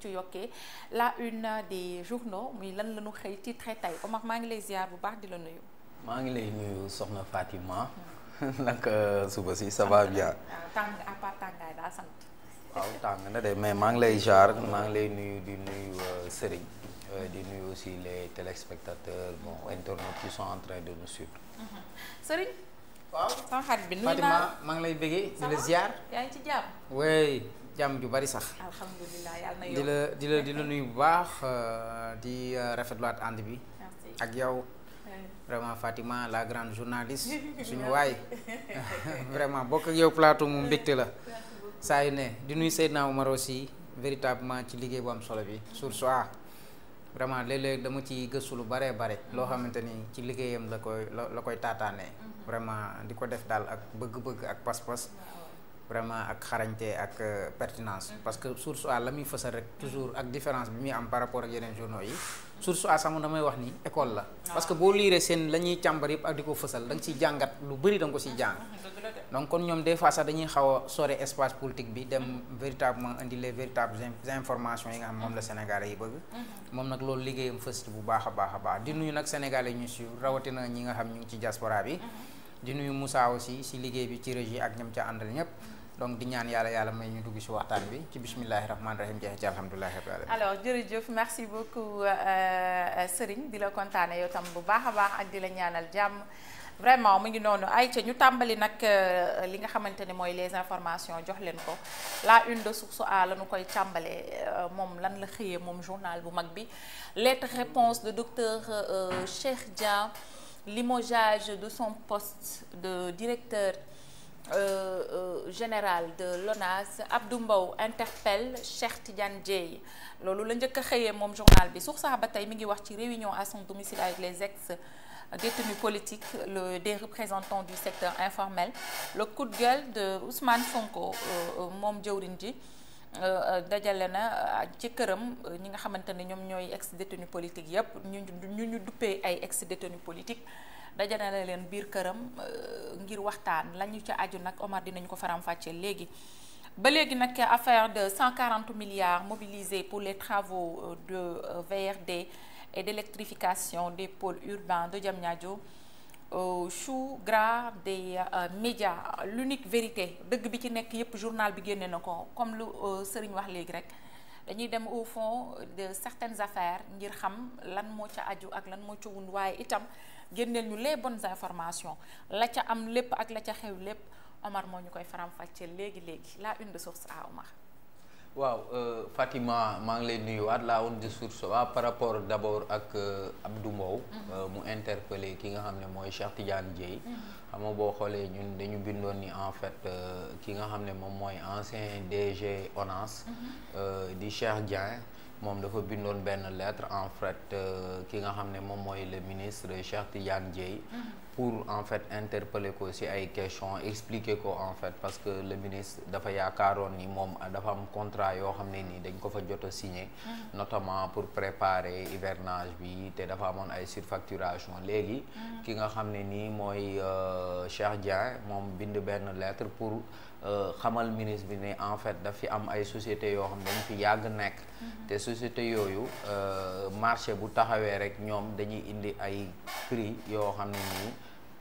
ci yokkee la une des journaux muy lan la ñu xëy titre tey Omar maa ngi lay ziar bu baax di la nuyu. maa ngi lay nuyu soxna Fatima. Hmm. naka suba si ça va bien. Ah, tàng à part na de mais maa ngi lay jaar maa ngi lay nuyu di nuyu euh, Serigne euh, di nuyu aussi les téléspectateurs bon qui sont en train de nu suivre. Hmm. Serigne. waaw sama lay bëggee di la ziar. yaa ngi ci jàmm ju bari sax. alhamdulilah di la di la di la nuyu bu baax euh, di euh, rafetluwaat ànd bi. ak yow. vraiment Fatima la grande journaliste suñu waay vraiment bokk ak yow plateau mu mbégte la saa yu ne di nuy nuyu Seydina Omar aussi véritablement ci liggéey bu am solo bi sur A vraiment léeg-léeg dama ci gëstu lu bare bare loo xamante ni ci liggéeyam la koy la koy taataanee mhm. vraiment di ko def daal ak bëgg-bëgg ak pas-pas. vraiment ak xarañte ak euh, pertinence mm-hmm. parce que source a la muy fësal rek toujours ak différence bi muy am par rapport ak yeneen journaux yi source a sama damay wax ni école la ah. parce que boo liiree seen la càmbar yëpp ak di ko fësal da nga jàngat lu bëri da nga ko ciy jàng ah, donc kon ñoom des dañuy xaw a sore espace politique bi dem mm-hmm. véritablement indi les véritables informations yi nga xam moom la mm-hmm. sénégalais yi bëgg moom nag loolu liggéeyam fës bu baax a baax a baax di nuyu nag sénégalais ñu ñi nga xam ñu ngi ci diaspora bi di liggéey bi ci régie ak ñam donc di ñaan yàlla yàlla may ñu dugg ci waxtaan bi ci bismillahi rahmaani rahim jeex ci alhamdulilahi rabbil jërëjëf merci beaucoup euh, euh, Serigne di la kontaane yow tam bu baax a baax ak di la ñaanal jàmm vraiment mu ngi noonu ay ca ñu tàmbali nag euh, li nga xamante ne mooy les informations jox leen ko la une de Source la ñu koy tàmbalee moom lan la xëyee moom journal bu mag bi lettre réponse de docteur Cheikh Dia limogeage de son poste de directeur Euh, euh, général de l'ONAS Abdou Mbow interpelle Cheikh tijan Dieye loolu la njëkk a xëyee moom journal bi source ba tey mi ngi wax ci réunion à son domicile avec les ex détenus politiques le des représentants du secteur informel le coup de de Ousmane Sonko euh, euh, moom jëwriñ ji Euh, euh, dajale na euh, ci këram ñi nga xamante ne ñoom ñooy ex détenu politique yëpp ñu ñu ñu duppee ay ex détenu politique dajale na leen biir këram ngir waxtaan lañu ci aju nag Omar dinañ ko faram-fàccee léegi. ba léegi nag affaire de 140 milliards mobilisés pour les travaux de VRD et d'électrification des pôles urbains de Diamniadio. chou euh, gras des euh, médias l'unique vérité dëgg bi ci nekk yépp journal bi génne na ko comme lu euh, Serigne wax léegi rek dañuy dem au fond de certaines affaires ngir xam lan moo ca aju ak lan moo ca wund waaye itam génneel ñu les bonnes informations la ca am lépp ak la ca xew lépp Omar moo ñu koy faram-fàccee léegi léegi la une de source a Omar. waaw euh, Fatima maa ngi lay nuyuwaat laa woon de source waa par rapport d' abord ak euh, Abdou Mbow mhm. euh, mu interpellé ki nga xam ne mooy Cheikh Tidiane Dieye mhm. xam boo xoolee ñun dañu bindoon ni en fait ki nga xam ne moom mooy ancien DG ONAS mhm. di Cheikh Dieng moom dafa bindoon benn lettre en fait euh, ki nga xam ne moom mooy le ministre Cheikh Tidiane Dièye mm-hmm. pour en fait interpeller ko ci ay question expliquer ko en fait parce que le ministre dafa yaakaaroon ni moom dafa am contrat yoo xam ne nii dañ ko fa jot a signé mm-hmm. notamment pour préparer hivernage bi te dafa amoon ay surfacturation léegi mm-hmm. ki nga xam ne nii mooy euh, Cheikh Dièye moom bind benn lettre pour Euh, xamal ministre bi ne en fait daf fi am ay société yoo xam ne dañ fi yàgg nekk mhm. te société yooyu euh, marché bu taxawee rek ñoom dañuy indi ay prix yoo xam ne nii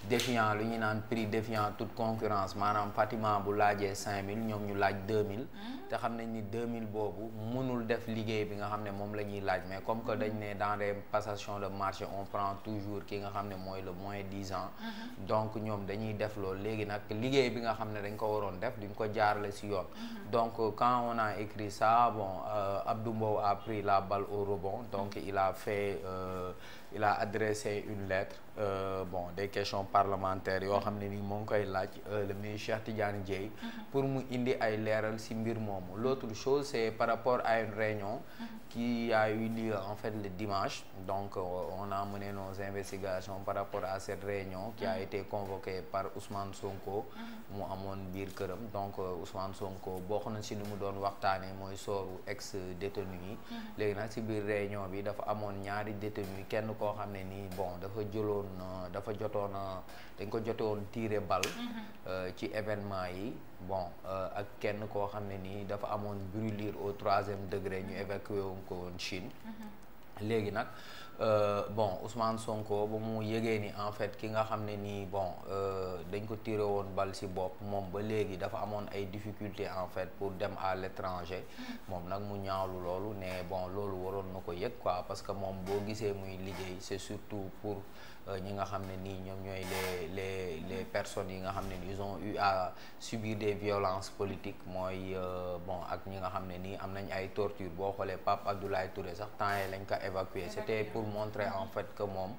défiant lu ñu naan prix défiant tout concurrence maanaam Fatima bu laajee 5000 ñoom ñu laaj mil hmm. te xam nañ ni mil boobu mënul def liggéey bi nga xam ne moom la ñuy laaj mais comme que dañ ne hmm. dans les passations de marché on prend toujours ki nga xam ne mooy le moins 10 ans. Hmm. donc ñoom dañuy def loolu léegi nag liggéey bi nga xam ne dañ ko waroon def duñ ko jaarale si yoon. donc quand on a écrit ça bon euh, Abdou Mbow a pris la bal au bon donc il a fait. Euh, il a adressé une lettre euh, bon des questions parlementaires yoo xam ne ni moo ngi koy laaj euh, le ministre Cheikh Tidiane Dièye mhm. pour mu indi ay leeral ci mbir moomu mhm. l'autre chose c'est par rapport à une réunion mhm. en fait le dimanche donc euh, a mené nos investigations par rapport à cette réunion qui a été convoquée par Ousmane Sonko mu amoon biir këram donc euh, Ousmane Sonko bokk na ci ni mu doon waxtaanee mooy sooru ex détenu yi léegi nag ci biir réunion bi dafa amoon ñaari détenu kenn koo xam ne nii bon dafa jëloon dafa jotoon dañ ko jotoon tiré bal mm-hmm. euh, ci événement yi bon euh, ak kenn koo xam ne nii dafa amoon brûlure au troisième degré ñu mm-hmm. évacué woon ko woon Chine mm-hmm. léegi nag Euh, bon Ousmane Sonko ba mu yëgee ni en fait ki nga xam ne nii bon euh, dañ ko tiré woon bal ci bopp moom ba léegi dafa amoon ay difficulté en fait pour dem à l'étranger moom nag mu ñaawlu loolu ne bon loolu waroon na ko yëg quoi parce que moom boo gisee muy liggéey c'est surtout pour ñi nga xam ne nii ñoom ñooy le les les personnes yi nga xam ne ni ils ont eu à subir des violences politiques mooy euh, bon ak ñi nga xam ne nii am nañ ay torture boo xoolee Pape Abdoulaye ture sax temps yi lañ ko évacué c'était pour montrer en fait que moom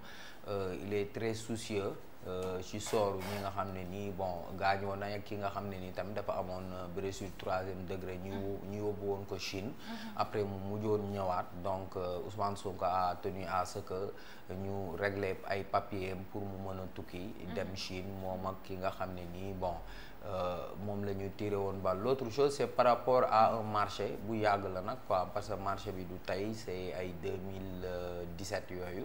euh, il est très soucieux Euh, ci sooru ñi nga xam ne nii bon gaañoo na ak ki nga xam ne nii tamit dafa amoon euh, blessure troisième degré ñu mm-hmm. ñu yóbbu woon ko Chine mm-hmm. après mu mujjoon ñëwaat donc euh, Ousmane Sonko a tenu à ce que ñu régler ay papiers pour mu mën a tukki mm-hmm. dem Chine moom ak ki nga xam ne nii bon moom la ñu tiré woon ba l'autre chose c'est par rapport a un marché bu yàgg la nag quoi parce que marché bi du tey c'est ay 2017 yooyu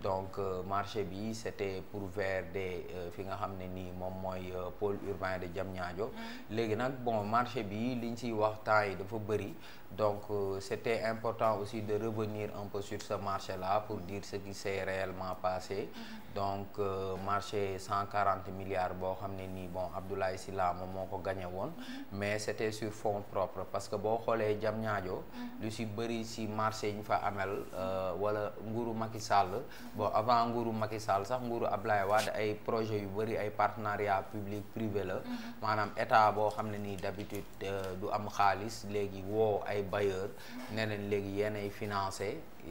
donc marché bi c'était pour vers créé euh, fi nga xam ne nii moom mooy euh, pôle urbain de Diamniadio mm-hmm. léegi nag bon marché bi liñ si wax temps yi dafa bëri donc euh, c'était important aussi de revenir un peu sur ce marché la pour dire ce qui s'est réellement passé mm-hmm. donc marché 140 milliards boo xam ne nii bon Abdoulaye Sylla moom moo ko gagné woon mm-hmm. mais c'était sur fonds propres parce que boo xoolee Diamniadio lu si bëri si marché ñu fa amel wala nguuru Macky Sall bon avant nguuru Macky Sall sax nguuru Abdoulaye Wade ay projet yu bëri ay partenariat public privé la mhm. maanaam état boo xam ne nii d'habitude euh, du am xaalis léegi woo ay bailleur mhm. ne leen léegi ay financé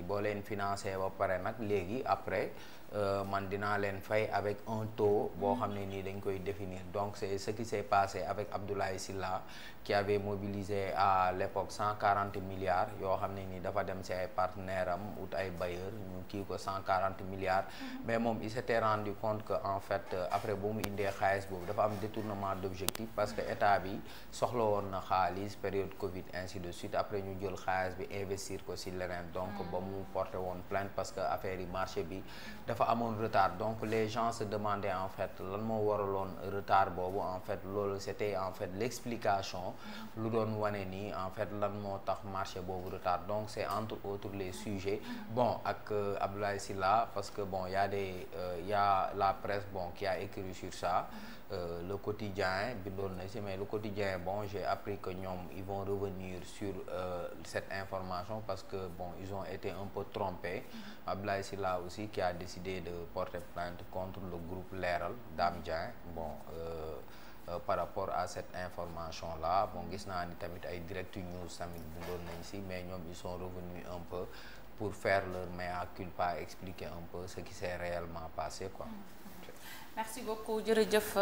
boo leen financé ba pare nag léegi après Euh, man dinaa leen fay avec un taux boo xam ne nii dañ koy definir donc c'est ce qui s'est passé avec Abdoulaye Sylla qui avait mobilisé à l'époque cent quarante milliards yoo xam ne nii dafa dem ci ay partenaires am ut ay bailleurs ñu kii ko cent quarante milliards mm-hmm. mais moom il s'était rendu compte que en fait euh, après bu mu indee xaalis boobu dafa am détournement d'objectif parce que état bi soxla woon na xaalis période Covid ainsi de suite après ñu jël xaalis bi investir ko si leneen donc mm-hmm. ba mu porté woon plainte parce que affaire yi marché bi dafa amoon retard donc les gens se en fait lan moo waraloon retard boobu en fait loolu c'était en fait l'explication lu doon wane nii en fait lan moo tax marché boobu retard donc c'est entre autres les sujets bon ak euh, Abdoulaye Sylla parce que bon y a des euh, y la presse bon qui a écrit sur ça Euh, le quotidien bindoon na si mais le quotidien bon j'ai appris que ñoom ils vont revenir sur euh, cette information parce que bon ils ont été un peu trompés mm-hmm. Abdoulaye Sylla aussi qui a décidé de porter plainte contre le groupe Leral Dame mm-hmm. Dieng bon euh, euh, par rapport à cette information là bon gis naa ni tamit ay direct news tamit bindoon nañ si mais ñoom ils sont revenus un peu pour faire leur mea culpa expliquer un peu ce qui s'est réellement passé quoi mm. merci beaucoup jëf